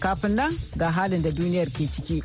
Kafin nan ga halin da duniyar ke ciki.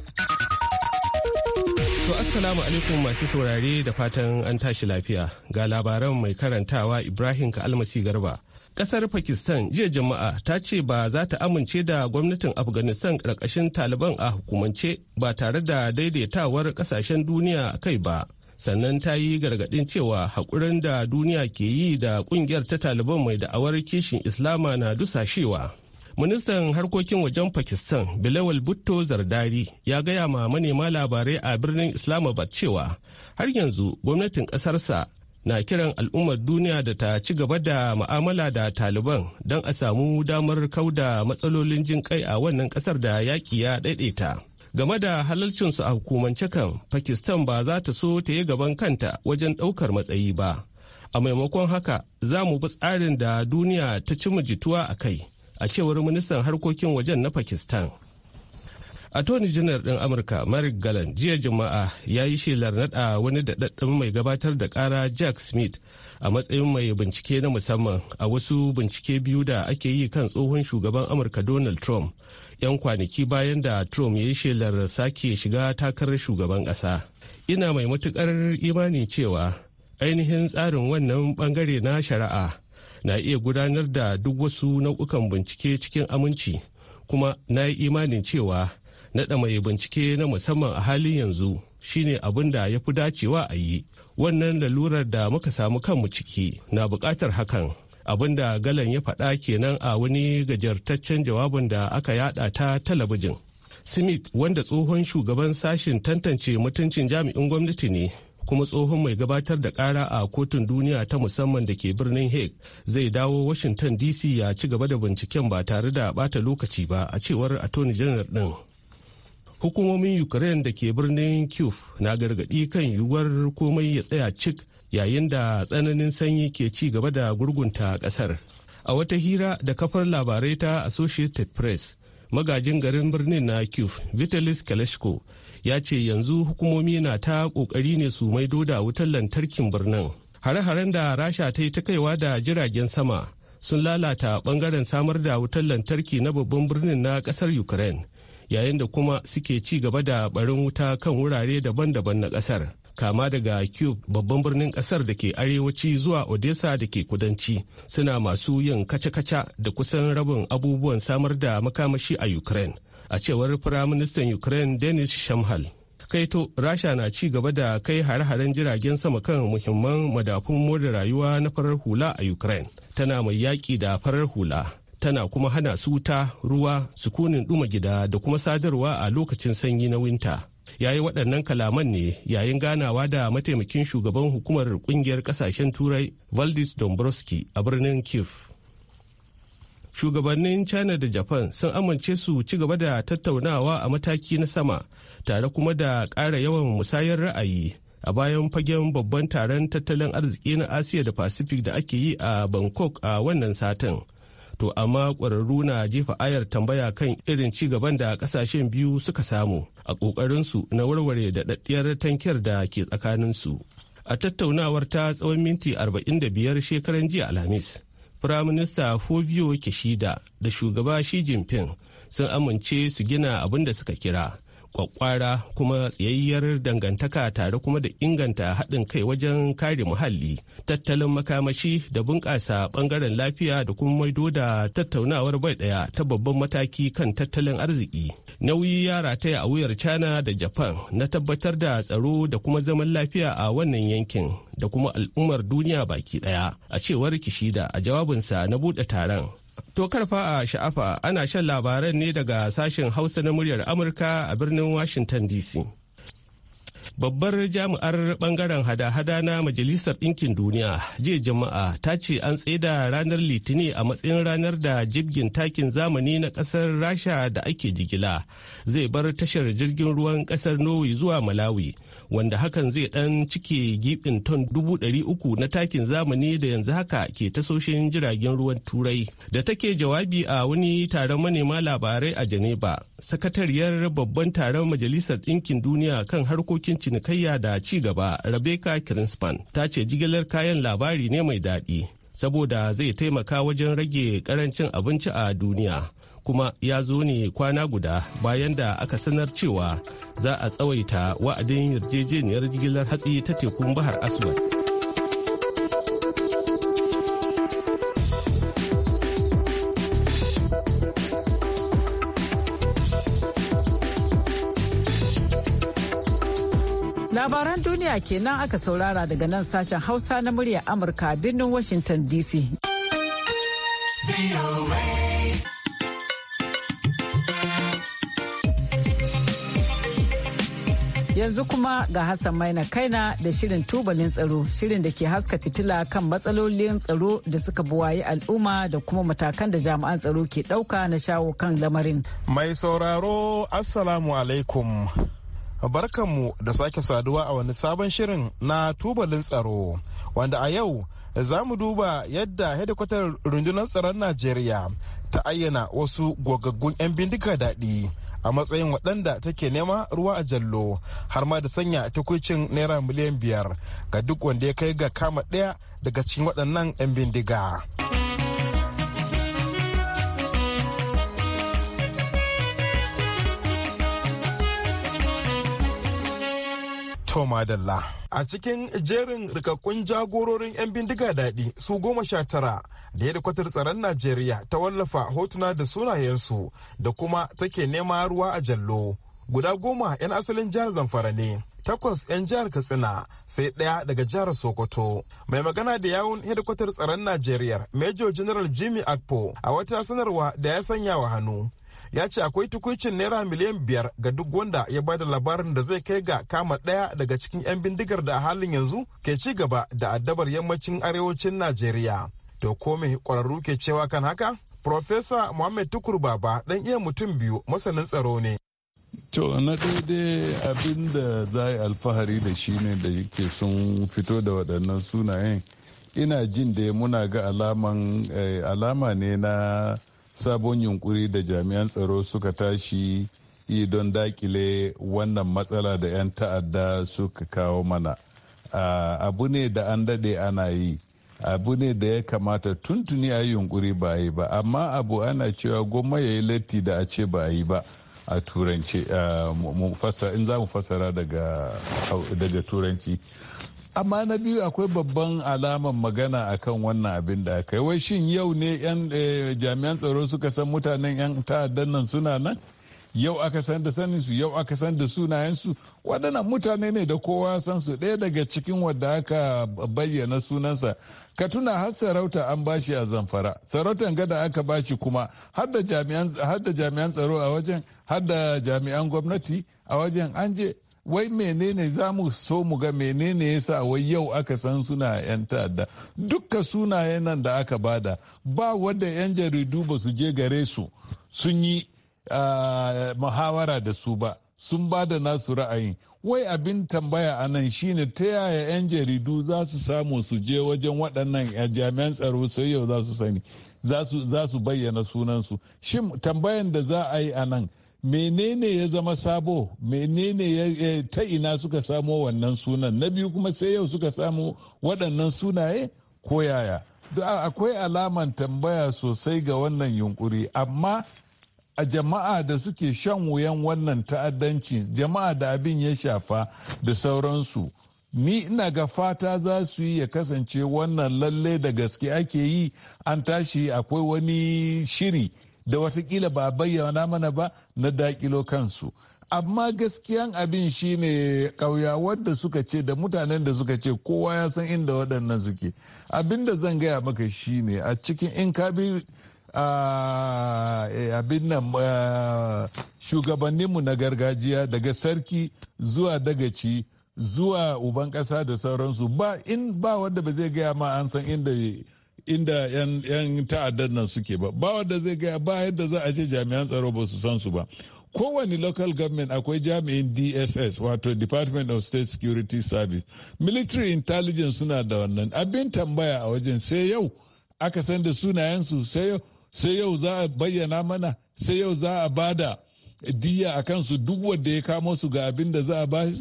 To Assalamu alaikum masu saurare da fatan an tashi lafiya ga labaran mai karantawa Ibrahim Ka'almasi Garba. kasar pakistan jiya jama'a ta ce ba za ta amince da gwamnatin afghanistan ƙarƙashin taliban a hukumance ba tare da daidaitawar ƙasashen duniya kai ba sannan ta yi gargaɗin cewa haƙurin da duniya ke yi da ƙungiyar ta taliban mai da'awar kishin islama na dusashewa ministan harkokin wajen pakistan bilawal butto zardari ya gaya ma manema labarai a birnin islamabad cewa har yanzu gwamnatin ƙasarsa na kiran al'ummar duniya da ta ci gaba da ma'amala da taliban don a samu damar kauda matsalolin jin kai a wannan ƙasar da yaƙi ya ɗaiɗaita game da halalcinsu a hukumance kan pakistan ba za ta so ta yi gaban kanta wajen ɗaukar matsayi ba a maimakon haka za mu bi tsarin da duniya ta ci jituwa a kai a cewar ministan harkokin wajen na pakistan attorney janar din amurka merrick galan jiya juma'a ya yi shelar naɗa wani daɗaɗɗen mai gabatar da ƙara jack smith a matsayin mai bincike na musamman a wasu bincike biyu da ake yi kan tsohon shugaban amurka donald trump 'yan kwanaki bayan da trump ya yi shelar sake shiga takarar shugaban ƙasa ina mai matuƙar imani cewa ainihin tsarin wannan bangare na shari'a na iya gudanar da duk wasu nau'ukan bincike cikin aminci kuma na yi imanin cewa naɗa mai bincike na musamman a halin yanzu shine abin da ya fi dacewa a yi wannan lalurar da muka samu kanmu ciki na buƙatar hakan abin da galan ya faɗa kenan a wani gajartaccen jawabin da aka yada ta talabijin smith wanda tsohon shugaban sashen tantance mutuncin jami'in gwamnati ne kuma tsohon mai gabatar da kara a kotun duniya ta musamman da ke birnin hague zai dawo washington dc ya ci gaba da binciken ba tare da bata lokaci ba a cewar attorney general din hukumomin ukraine da ke birnin kyiv na gargadi kan yiwuwar komai ya tsaya cik yayin da tsananin sanyi ke ci gaba da gurgunta kasar a wata hira da kafar labarai ta associated press magajin garin birnin na kyiv vitalis kalashko ya ce yanzu hukumomi na ta kokari ne su maido da wutar lantarkin birnin hare-haren da rasha ta yi ta kaiwa da jiragen sama sun lalata bangaren samar da wutar lantarki na babban birnin na kasar ukraine yayin da kuma suke ci gaba da barin wuta kan wurare daban-daban na kasar kama daga cube babban birnin kasar da ke arewaci zuwa odessa da ke kudanci suna masu yin kaca-kaca da kusan rabin abubuwan samar da makamashi a ukraine a cewar firaministan ukraine denis shamhal kaito rasha na ci gaba da kai hare-haren jiragen sama kan muhimman madafun more rayuwa na farar hula a ukraine tana mai yaƙi da farar hula tana kuma hana su wuta ruwa sukunin duma gida da kuma sadarwa a lokacin sanyi na winta yayi waɗannan kalaman ne yayin ganawa da mataimakin shugaban hukumar ƙungiyar ƙasashen turai valdis dombrowski a birnin kiev shugabannin china da japan sun amince su ci gaba da tattaunawa a mataki na sama tare kuma da ƙara yawan musayar ra'ayi a bayan fagen babban taron tattalin arziki na asiya da pacific da ake yi a bangkok a wannan satin to amma ƙwararru na jefa ayar tambaya kan irin ci gaban da ƙasashen biyu suka samu a ƙoƙarinsu na warware da tankiyar da ke tsakaninsu a tattaunawar ta tsawon minti 45 shekaran jiya alhamis firaminista fobio kishida da shugaba shi jinping sun amince su gina abin da suka kira kwakwara kuma tsayayyar dangantaka tare kuma da inganta haɗin kai wajen kare muhalli tattalin makamashi da bunƙasa ɓangaren lafiya da kuma maido da tattaunawar bai ɗaya ta babban mataki kan tattalin arziki nauyi ya rataya a wuyar china da japan na tabbatar da tsaro da kuma zaman lafiya a wannan yankin da kuma al'ummar duniya baki daya a cewar kishida a jawabinsa na bude taron to karfa a sha'afa ana shan labaran ne daga sashen hausa na muryar amurka a birnin washington dc babbar jami'ar bangaren hada-hada na majalisar ɗinkin duniya jiya jama'a ta ce an tsaida ranar litini a matsayin ranar da jirgin takin zamani na ƙasar rasha da ake jigila zai bar tashar jirgin ruwan ƙasar norway zuwa malawi wanda hakan zai ɗan cike gibin ton dubu ɗari uku na takin zamani da yanzu haka ke tasoshin jiragen ruwan turai da take jawabi a wani taron manema labarai a geneva sakatariyar babban taron majalisar ɗinkin duniya kan harkokin cinikayya da ci gaba rebecca kinspan ta ce jigilar kayan labari ne mai daɗi saboda zai taimaka wajen rage karancin abinci a duniya kuma ya zo ne kwana guda bayan da aka sanar cewa za a tsawaita wa'adin yarjejeniyar jigilar hatsi ta tekun bahar aswad labaran duniya kenan aka saurara daga nan sashen hausa na muryar amurka birnin washington dc Yanzu kuma ga Hassan Maina Kaina da shirin tubalin tsaro, shirin da ke haska fitila kan matsalolin tsaro da suka buwaye al'umma da kuma matakan da jami'an tsaro ke ɗauka na shawo kan lamarin. Mai sauraro, Assalamu alaikum. Barkanmu da sake saduwa a wani sabon shirin na tubalin tsaro, wanda a yau za mu duba yadda hedikwatar rundunar tsaron Najeriya ta ayyana wasu gogaggun 'yan bindiga daɗi. a matsayin waɗanda take nema ruwa a jallo har ma da sanya takwicin naira miliyan biyar ga duk wanda ya kai ga kama ɗaya daga cikin waɗannan 'yan bindiga. Toma madalla. A cikin jerin rikakkun jagororin 'yan bindiga daɗi su goma sha tara da ya tsaron Najeriya ta wallafa hotuna da sunayensu da kuma take nema ruwa a jallo. Guda goma 'yan asalin jihar Zamfara ne, takwas 'yan jihar Katsina sai ɗaya daga jihar Sokoto. Mai magana da yawun hedikwatar tsaron Najeriya, Major General Jimmy Akpo a wata sanarwa da ya sanya wa hannu. ya ce akwai tukuncin naira miliyan biyar ga duk wanda ya bada labarin da zai kai ga kama ɗaya daga cikin 'yan bindigar da a halin yanzu ke ci gaba da addabar yammacin arewacin najeriya to ko me ƙwararru ke cewa kan haka Profesa Muhammad Tukur Baba ɗan iya mutum biyu masanin tsaro ne. To na daidai abin da za yi alfahari da shi ne da yake sun fito da waɗannan sunayen. Ina jin da muna ga eh, alama ne na sabon yunkuri da jami'an tsaro suka tashi yi don dakile wannan matsala da 'yan ta'adda suka kawo mana abu ne da an daɗe ana yi abu ne da ya kamata tuntuni a yunkuri ba yi ba amma abu ana cewa goma ya yi latti da a ce ba yi ba a turanci in za mu fasara daga turanci amma na biyu akwai babban alaman magana akan wannan abin da aka yi wai shin yau ne yan eh, jami'an tsaro suka san mutanen yan ta'addan nan suna nan yau aka san da sanin su yau aka san da sunayen su waɗannan mutane ne da kowa san su ɗaya daga cikin wadda aka bayyana sunansa ka tuna har sarauta an bashi a zamfara sarautan gada aka bashi kuma har da jami'an tsaro a wajen har da jami'an gwamnati a wajen an je wai menene za mu so mu ga menene ya sa wai yau aka san suna 'yan ta'adda dukka sunayen nan da aka bada ba wanda 'yan jaridu ba su je gare su sun yi muhawara da su ba sun ba da nasu ra'ayin wai abin tambaya a nan shine ta yaya 'yan jaridu za su samu su je wajen waɗannan jami'an tsaro sai yau za su sani za su bayyana sunansu shin tambayan da za a yi a nan menene ya zama sabo menene ta ina suka samo wannan sunan na biyu kuma sai yau suka samu waɗannan sunaye ko yaya akwai alaman tambaya sosai ga wannan yunkuri amma a jama'a da suke shan wuyan wannan ta'addanci jama'a da abin ya shafa da sauransu ni ina ga fata za su yi ya kasance wannan lalle da gaske ake yi an tashi akwai wani shiri da watakila ba bayyana mana ba na dakilo kansu amma gaskiyan abin shine kauya da suka ce da mutanen da suka ce kowa ya san inda waɗannan suke abin da zan gaya maka shine a cikin in ka bi abin nan shugabanninmu na gargajiya daga sarki zuwa dagaci zuwa uban ƙasa da sauransu ba in ba wanda ba zai gaya ma an san inda inda 'yan ta'addar nan suke ba ba wanda zai gaya ba yadda za a ce jami'an tsaro ba su san su ba kowane local government akwai jami'in dss wato department of state security service military intelligence suna da wannan abin tambaya a wajen sai yau aka san da sunayensu sai yau za a bayyana mana sai yau za a da diya a kansu duk wanda ya kamo su ga abin da za a ba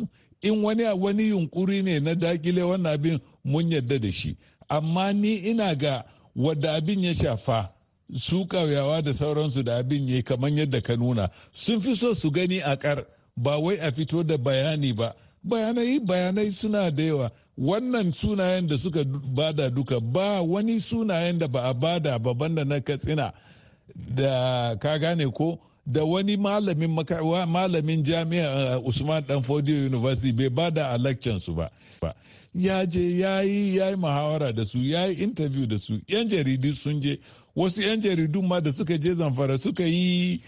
in wani wani yunkuri ne na dakile wannan abin mun yadda da shi amma ni ina ga wadda abin ya shafa su ƙauyawa da sauransu da abin ya yi kamar yadda ka nuna sun fi so su gani a kar ba wai a fito da bayani ba bayanai bayanai suna da yawa wannan sunayen da suka bada duka ba wani sunayen da ba a bada baban da na katsina da ka gane ko da wani malamin malamin jami'a uh, usman danfodiyo university bai bada a su ba ya je ya yi ya yi muhawara da su ya yi interview da su yan jaridu sun je wasu yan jaridu ma da suka je zamfara suka yi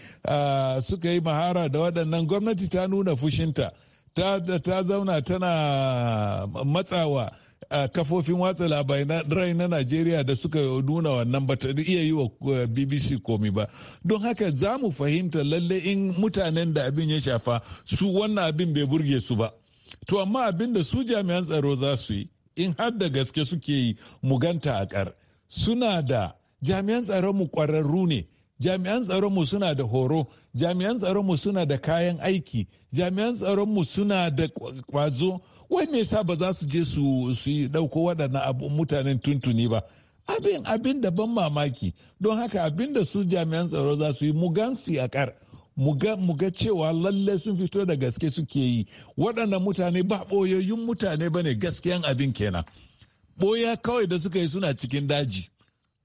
suka yi mahawara da waɗannan gwamnati ta nuna fushinta ta, zauna tana matsawa kafofin watsa labarai na Najeriya da suka nuna wannan ba ta iya yi wa BBC komi ba. Don haka za mu fahimta lalle in mutanen da abin ya shafa su wannan abin bai burge su ba. To amma abin da su jami'an tsaro za su yi in har da gaske suke yi muganta a kar suna da jami'an tsaronmu kwararru ne jami'an mu suna da horo jami'an mu suna da kayan aiki jami'an mu suna da kwazo wai me yasa ba za su je su yi dauko waɗannan mutanen tuntuni ba abin abin da ban mamaki don haka abin da su jami'an tsaro za su yi mugansi a kar mu ga cewa lallai sun fito da gaske suke yi waɗannan mutane ba ɓoyoyin mutane ba ne gaskiyan abin kenan ɓoya kawai da suka yi suna cikin daji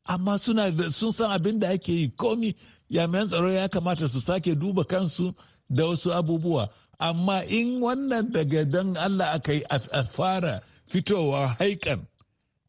amma sun san abin da ake yi komi yamiyan tsaro ya kamata su sake duba kansu da wasu abubuwa amma in wannan daga don allah aka yi a fara fitowa haikan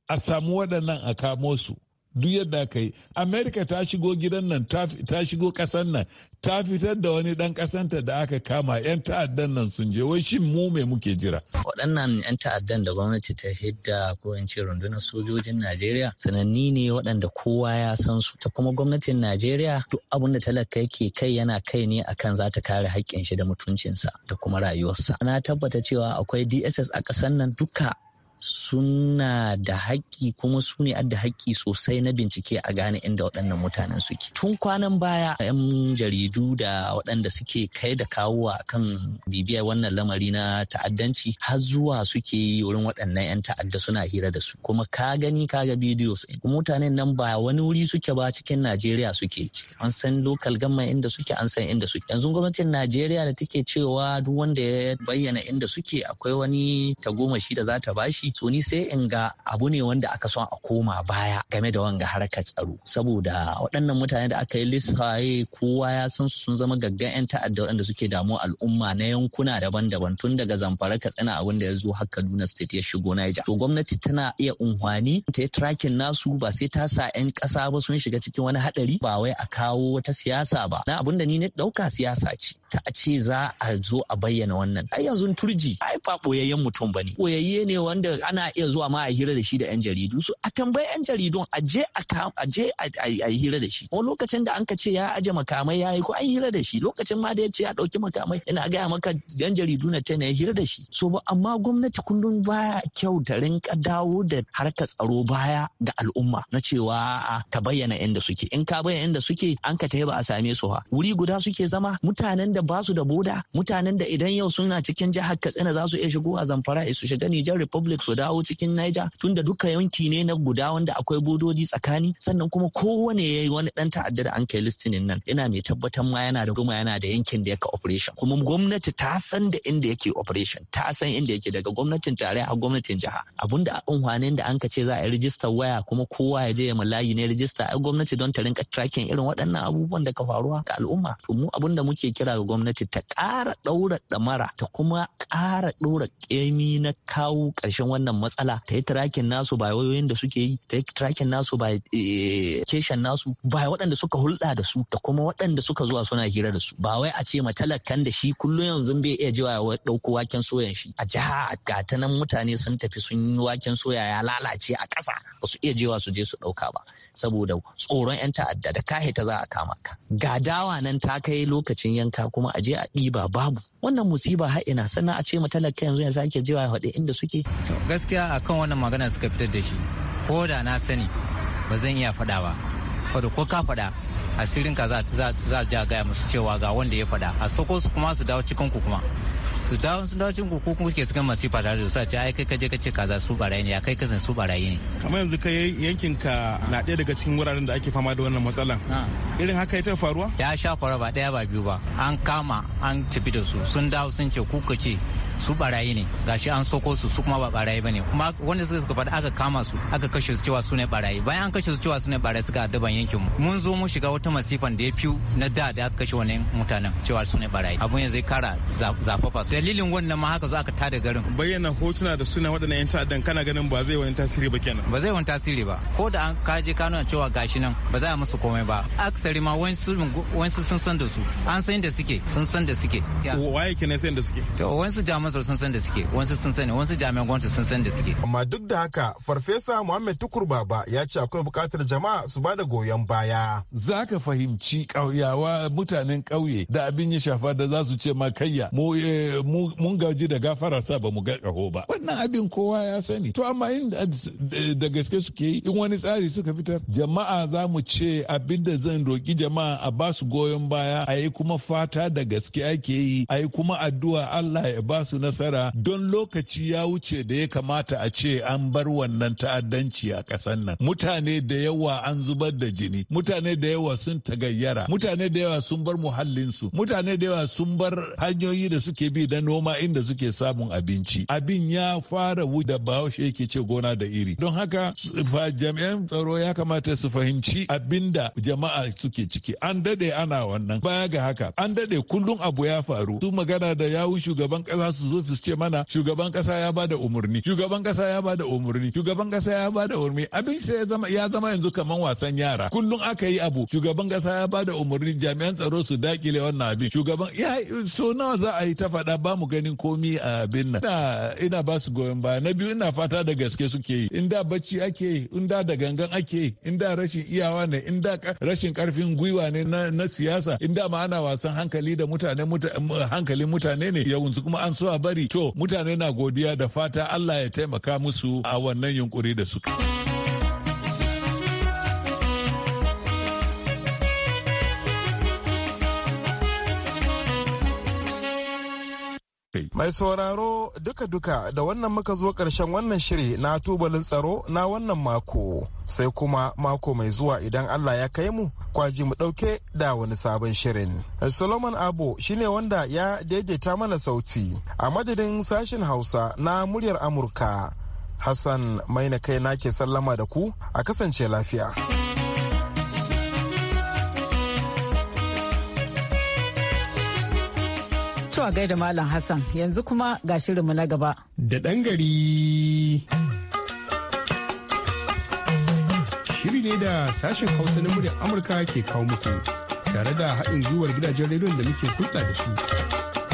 a samu waɗannan a kamo su duk yadda aka yi america ta shigo gidan nan ta shigo kasan nan ta fitar da wani dan kasanta da aka kama yan ta'addan nan sun je wai shin mu me muke jira waɗannan yan ta'addan da gwamnati ta hidda ko in ce rundunar sojojin najeriya sananni ne waɗanda kowa ya san su ta kuma gwamnatin najeriya duk abin da talaka yake kai yana kai ne akan za ta kare haƙƙin shi da mutuncinsa da kuma rayuwarsa na tabbata cewa akwai dss a ƙasan nan duka suna da haƙƙi kuma su ne adda haƙƙi sosai na bincike a gane inda waɗannan mutanen suke. Tun kwanan baya 'yan jaridu da waɗanda suke kai da kawo a kan bibiyar wannan lamari na ta'addanci har zuwa suke yi wurin waɗannan 'yan ta'adda suna hira da su. Kuma ka gani ka ga bidiyo mutanen nan ba wani wuri suke ba cikin Najeriya suke. An san lokal gamma inda suke an san inda suke. Yanzu gwamnatin Najeriya da take cewa duk wanda ya bayyana inda suke akwai wani tagomashi da za ta bashi shi to ni sai in ga abu ne wanda aka son a koma baya game da wanga harkar tsaro saboda waɗannan mutane da aka yi lissaye kowa ya san sun zama gaggan 'yan ta'adda waɗanda suke damu al'umma na yankuna daban-daban tun daga zamfara katsina abin da ya zo har kaduna state ya shigo niger to gwamnati tana iya unhwani ta yi tracking nasu ba sai ta sa 'yan ƙasa ba sun shiga cikin wani haɗari ba wai a kawo wata siyasa ba na abunda ni ne ɗauka siyasa ce ta ce za a zo a bayyana wannan ai yanzu turji ai ba ɓoyayyen mutum ba ne ɓoyayye ne wanda ana iya zuwa ma a hira da shi da yan jaridu su a tambayi yan jaridun a je a je a hira da shi ko lokacin da an ka ce ya aje makamai ya yi ko an hira da shi lokacin ma da ya ce ya dauki makamai ina gaya maka yan jaridu na tana ya hira da shi so ba amma gwamnati kullum baya kyau ta rinka dawo da harka tsaro baya ga al'umma na cewa ka bayyana inda suke in ka bayyana inda suke an ka ba a same su ha wuri guda suke zama mutanen da basu da boda mutanen da idan yau suna cikin jihar Katsina za su iya shigo a Zamfara su shiga Niger Republic su dawo cikin Niger tunda duka yanki ne na guda wanda akwai bodoji tsakani sannan kuma kowane ya yi wani dan ta'addar an kai listinin nan yana mai tabbatar ma yana da goma yana da yankin da yake operation kuma gwamnati ta san da inda yake operation ta san inda yake daga gwamnatin tare a gwamnatin jiha abinda a unhwanin da an ka ce za a yi rijistar waya kuma kowa ya je ya layi ne rijista a gwamnati don ta rinka tracking irin waɗannan abubuwan da ka faruwa ga al'umma to mu abin da muke kira ga gwamnati ta ƙara ɗaura ɗamara ta kuma ƙara ɗora ƙemi na kawo ƙarshen wannan matsala ta yi tracking nasu ba wayoyin da suke yi ta yi tracking nasu ba eh, keshen nasu ba waɗanda suka hulɗa da su da kuma waɗanda suka zuwa suna hira da su ba wai a ce matalakan da shi kullum yanzu bai iya jiwa ya ɗauko waken soyan shi a jiha ga ta nan mutane sun tafi sun yi waken soya ya lalace a ƙasa ba su iya jiwa su je su ɗauka ba saboda tsoron 'yan ta'adda da kahe ta za a kama ka ga dawa nan ta kai lokacin yanka kuma a je a ɗiba babu wannan musiba har ina sannan a ce matalaka yanzu ya sake jiwa ya haɗe inda suke gaskiya akan wannan magana suka fitar da shi ko da na sani ba zan iya faɗa ba faɗa ko ka faɗa asirin ka za ja gaya musu cewa ga wanda ya faɗa a soko su kuma su dawo cikin ku kuma su dawo su dawo cikin ku kuma suke cikin masifa tare da su a ce ai kai ka je ka ce kaza su barayi ne ya kai kasan su barayi ne kamar yanzu ka yankin ka na ɗaya daga cikin wuraren da ake fama da wannan matsalan ah. irin haka ya taɓa faruwa ya sha faruwa ba ɗaya ba biyu ba an kama an tafi da su sun dawo sun ce ku ce su barayi ne gashi an soko su su kuma ba barayi bane kuma wanda suka suka faɗa aka kama su aka kashe su cewa su ne barayi bayan an kashe su cewa su ne barayi suka adaban yankin mu mun zo mun shiga wata masifan da ya fi na da da aka kashe wani mutanen cewa su ne barayi abun yanzu kara zafafa su dalilin wannan ma haka zo aka tada garin bayyana hotuna da suna waɗannan yan ta'addan kana ganin ba zai wani tasiri ba kenan ba zai wani tasiri ba ko da an kaje kano cewa gashi nan ba za a musu komai ba aksari ma wani sun san da su an san da suke sun san da suke waye ke ne san da suke to wani su masar sun san da suke wasu sun sani wasu jami'an gwamnati sun san da suke amma duk da haka farfesa muhammed tukur baba ya ce akwai bukatar jama'a su ba da goyon baya za ka fahimci ƙauyawa mutanen ƙauye da abin ya shafa da za su ce ma kayya eh, mun gaji da gafara sa ba mu ga ƙaho ba wannan abin kowa ya sani to amma in da gaske suke yi in wani tsari suka fitar jama'a za mu ce abin da zan roki jama'a a ba su goyon baya a yi kuma fata da gaske ake yi a yi kuma addu'a Allah ya ba su nasara don lokaci ya wuce da ya kamata a ce an bar wannan ta'addanci a ƙasar nan mutane da yawa an zubar da jini mutane da yawa sun tagayyara mutane da yawa sun bar muhallinsu mutane da yawa sun bar hanyoyi da suke bi da noma inda suke samun abinci abin ya fara da bahaushe yake ce gona da iri don haka jami'an tsaro ya kamata su fahimci abinda jama'a suke ciki an daɗe ana wannan baya ga haka an dade kullum abu ya faru su magana da yawun shugaban kasa su su zo su ce mana shugaban kasa ya ba da umarni shugaban kasa ya ba da umarni shugaban kasa ya ba da umarni abin sai ya zama yanzu kaman wasan yara kullum aka yi abu shugaban kasa ya ba da umarni jami'an tsaro su dakile wannan abin shugaban ya so nawa za a yi ta faɗa ba mu ganin komi a abin nan ina ba su goyon baya na biyu ina fata da gaske suke yi in da bacci ake yi in da gangan ake yi in da rashin iyawa ne in da rashin karfin gwiwa ne na siyasa in da ma ana wasan hankali da mutane hankalin mutane ne yanzu kuma an so a bari to mutane na godiya da fata Allah ya taimaka musu a wannan yunkuri da suka. kai. Mai sauraro duka-duka da wannan muka zo ƙarshen wannan shiri na tubalin tsaro na wannan mako. Sai kuma mako mai zuwa idan Allah ya kai mu kwaji mu ɗauke da wani sabon shirin. Solomon Abo shine wanda ya daidaita mana sauti a madadin sashen Hausa na muryar Amurka. Hassan maina kai nake sallama da ku a kasance lafiya. To a gaida Malam Hassan yanzu kuma ga shirinmu na gaba. Da ɗan gari. Shiri ne da sashen Hausa na muryar Amurka ke kawo muku tare da haɗin gwiwar gidajen rediyon da muke hulɗa da su.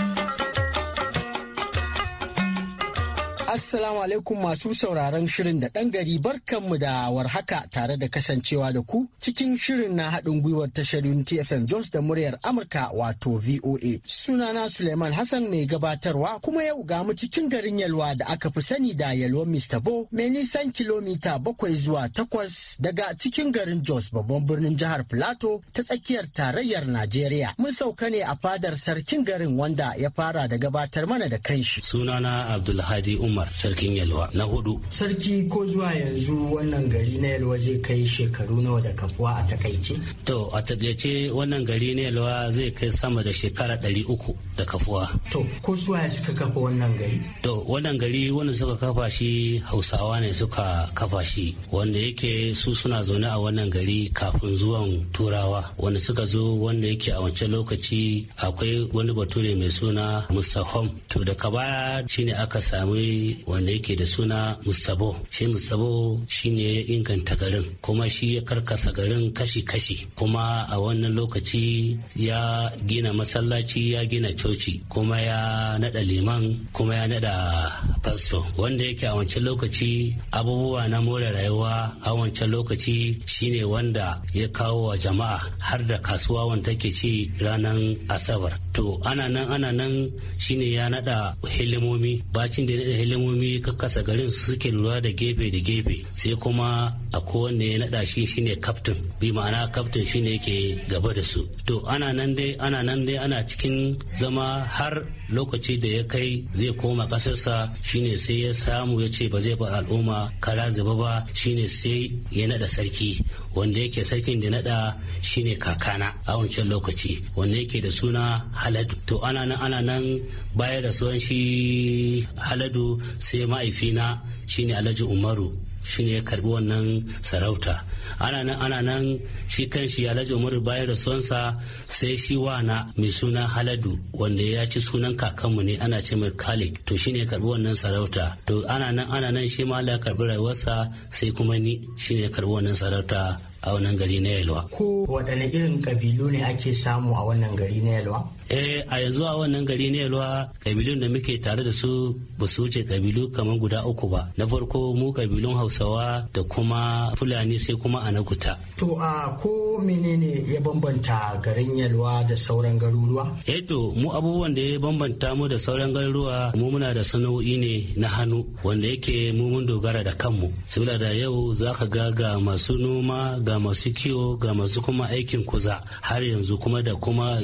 Assalamu alaikum masu sauraron shirin da ɗan gari barkanmu da warhaka tare da kasancewa da ku cikin shirin na haɗin gwiwar tashar Unity FM Jones da muryar Amurka wato VOA. Sunana Suleiman Hassan mai gabatarwa kuma yau ga mu cikin garin Yalwa da aka fi sani da Yalwa Mr. Bo mai nisan kilomita bakwai zuwa takwas daga cikin garin Jos babban birnin jihar Filato ta tsakiyar tarayyar Najeriya. Mun sauka ne a fadar sarkin garin wanda ya fara da gabatar mana da kanshi. Sunana Abdulhadi Umar umar sarkin yalwa na hudu sarki ko zuwa yanzu wannan gari na yalwa zai kai shekaru nawa da kafuwa a takaice to a takaice wannan gari na yalwa zai kai sama da shekara ɗari uku da kafuwa to ko suwa suka kafa wannan gari to wannan gari wanda suka kafa shi hausawa ne suka kafa shi wanda yake su suna zaune a wannan gari kafin zuwan turawa wanda suka zo wanda yake a wancan lokaci akwai wani bature mai suna mustahom to daga baya shine aka sami wanda yake da suna Mustabo. Shi Mustabo shine ya inganta garin kuma shi ya karkasa garin kashi-kashi kuma a wannan lokaci ya gina masallaci ya gina coci kuma ya nada liman kuma ya nada fasto wanda yake a wancan lokaci abubuwa na more rayuwa a wancan lokaci shine wanda ya kawo wa jama'a har da kasuwa wanda take ci ranar asabar to ana nan ana nan shine ya nada hilimomi bacin da ya nada lemomi kakkasa garin su suke lura da gefe da gefe sai kuma a kowanne ya naɗa shi shine kaftin bi ma'ana kaftin shine yake gaba da su to ana nan dai ana nan dai ana cikin zama har lokaci da ya kai zai koma kasarsa shine sai ya samu ya ce ba zai ba al'umma kara zuba ba shine sai ya naɗa sarki wanda yake sarkin da naɗa shine kakana a wancan lokaci wanda yake da suna haladu to ana nan ana nan bayar da suwan shi haladu sai ma'aifina shine alhaji umaru shi ne ya karbi wannan sarauta ana nan shi kan shi alhaji umaru bayan rasuwansa sai shi na mai suna haladu wanda ya ci sunan kakanmu ne ana ce mai kalik to shi ne ya karbi wannan sarauta to ana nan ana nan shi ma ya karbi rayuwarsa sai kuma ni shi ne ya karbi wannan sarauta a wannan gari na yalwa ko waɗanne irin kabilu ne ake samu a wannan gari na yalwa eh a yanzu a wannan gari ne ruwa kabilun da muke tare da su ba su wuce kabilu kamar guda uku ba na farko mu kabilun hausawa da kuma fulani sai kuma a naguta to a ko menene ya bambanta garin yalwa da sauran garuruwa eh to mu abubuwan da ya bambanta mu da sauran garuruwa mu muna da sana'o'i ne na hannu wanda yake mu mun dogara da kanmu saboda da yau zaka ga ga masu noma ga masu kiwo ga masu kuma aikin kuza har yanzu kuma da kuma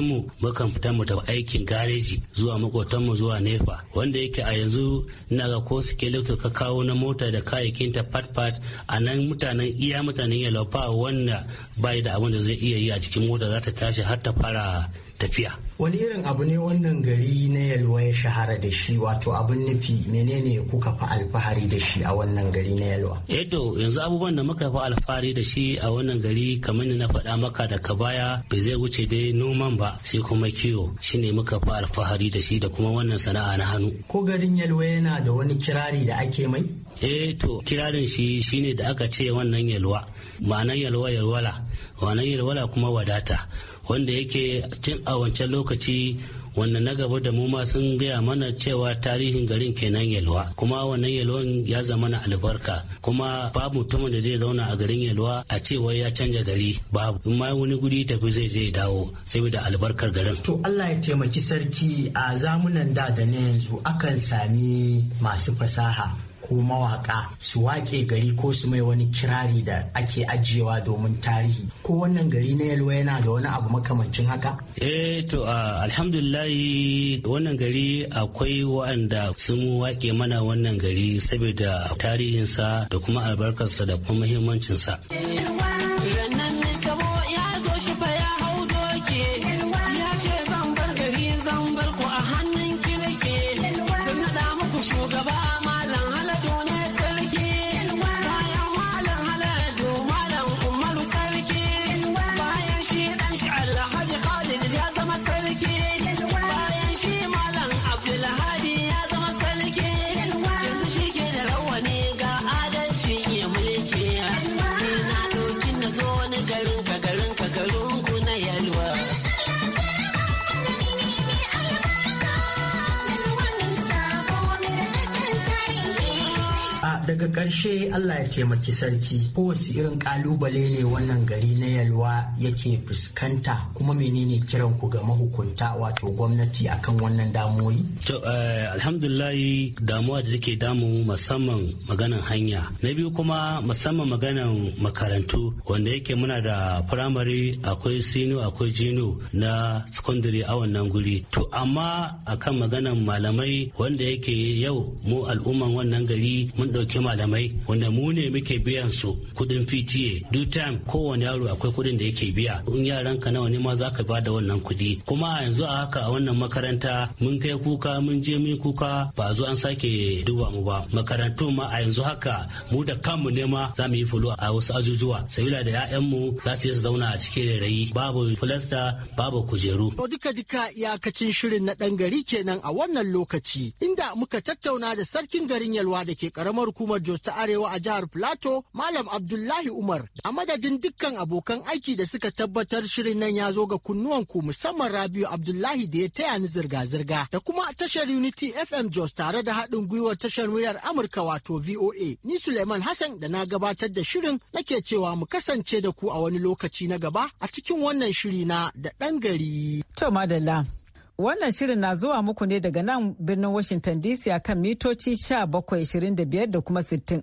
mu mukan fita mu tafi aikin gareji zuwa makotanmu zuwa nefa wanda yake a yanzu ina ga ko skeleton ka kawo na mota da kayayyakin ta fat fat a nan mutanen iya mutanen yalofa wanda bai da abin da zai iya yi a cikin mota za ta tashi har ta fara tafiya wani irin abu ne wannan gari na yalwa ya shahara da shi wato abun nufi menene kuka fi alfahari da shi a wannan gari na yalwa edo eh yanzu abubuwan da muka fi alfahari da shi a wannan gari kamar na faɗa maka daga baya bai zai wuce dai noman ba sai kuma kiwo shine muka fi alfahari da shi da kuma wannan sana'a na hannu ko garin yalwa yana da wani kirari da ake mai eh to kirarin shi shine da aka ce wannan yalwa ma'anar yalwa yalwala ma'anar yalwala kuma wadata wanda yake tun a wancan lokaci wanda na gaba da mu ma sun gaya mana cewa tarihin garin kenan yalwa kuma wannan yalwan ya zama na albarka kuma babu mutumin da zai zauna a garin yalwa a cewa ya canja gari babu in ma wani guri tafi zai je dawo saboda albarkar garin to Allah ya taimaki sarki a zamunan da da na yanzu akan sami masu fasaha ko mawaka su wake gari ko su mai wani kirari da ake ajiyewa domin tarihi ko wannan gari na yalwa yana da wani abu makamancin haka eh to alhamdulillah wannan gari akwai wa'anda sun wake mana wannan gari saboda tarihinsa da kuma albarkarsa da kuma muhimmancinsa. sa daga ƙarshe allah ya taimaki sarki kowace irin ƙalubale ne wannan gari na yalwa yake fuskanta kuma menene kiran ku ga mahukunta wato gwamnati akan wannan damuwoyi? To eh, alhamdulillah damuwa da take damu musamman maganan hanya. Na biyu kuma musamman maganan makarantu wanda yake muna da primary akwai sino akwai jino na secondary a wannan guri. To amma akan maganan malamai wanda yake yau mu al'umman wannan gari mun ɗauki malamai wanda mu ne muke biyan su kuɗin PTA. Due time kowane yaro akwai kuɗin da yake biya. In yaran ka nawa ne ma za ka ba da wannan kuɗi kuma yanzu a haka a wannan makaranta mun kai kuka mun je mun kuka ba zo an sake duba mu ba makarantun ma a yanzu haka mu da kanmu ne ma za mu yi fulo a wasu ajujuwa sabila da 'ya'yanmu za su su zauna a cikin rayi babu filasta babu kujeru. To duka duka iyakacin shirin na ɗan gari kenan a wannan lokaci inda muka tattauna da sarkin garin Yalwa da ke karamar hukumar Jos ta Arewa a jihar Plateau Malam Abdullahi Umar a madadin dukkan abokan aiki da suka tabbatar shirin nan ya zo ga kunnuwanku musamman Rabiu Abdullahi da ya taya ni zirga-zirga da kuma tashar Unity FM Jos tare da haɗin gwiwar tashar muryar Amurka wato VOA. Ni Suleiman Hassan da na gabatar da shirin nake cewa mu kasance da ku a wani lokaci na gaba a cikin wannan shiri na da ɗan gari. To madalla. Wannan shirin na zuwa muku ne daga nan birnin Washington DC a kan mitoci 1725 da kuma 60.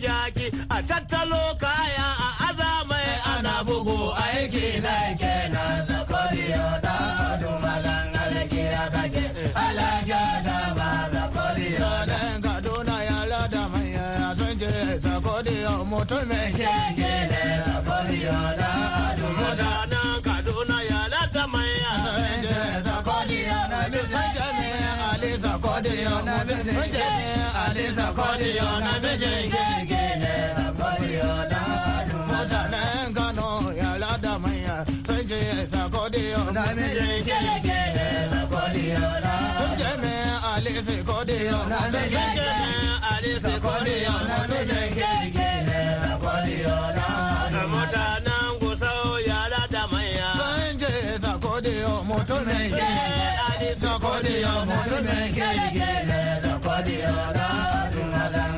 jaki a tattalo kaya a aza mai ana bugu aiki na kenan zakoriyo da adu magangal kira kake da ba zakoriyo da kaduna yara da manya sun je zakoriyo mutumin keke da zakoriyo da adu accordion na mijin gini Ali's accordion na mijin accordion na Mutanen Kano yara na kodiyo mutumin kirki ne da kodiyo na dumadan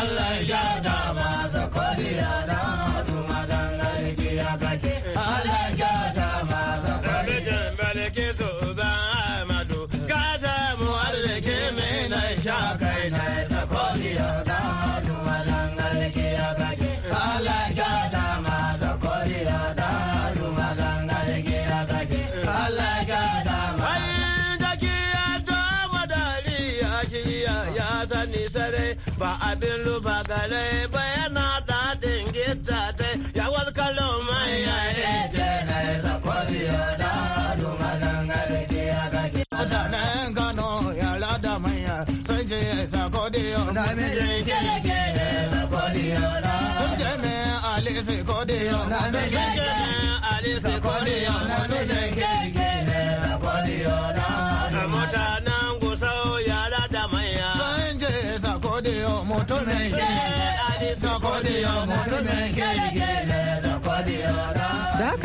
Allah ya dama zakariya na ba abin luba gare ba yana daɗin gita dai ya walkalo mai ya na da dumanan garki ya gaji. ya lada manya sun ce ya sako biyo da miji kirkiri sako biyo da. Sun ce me da da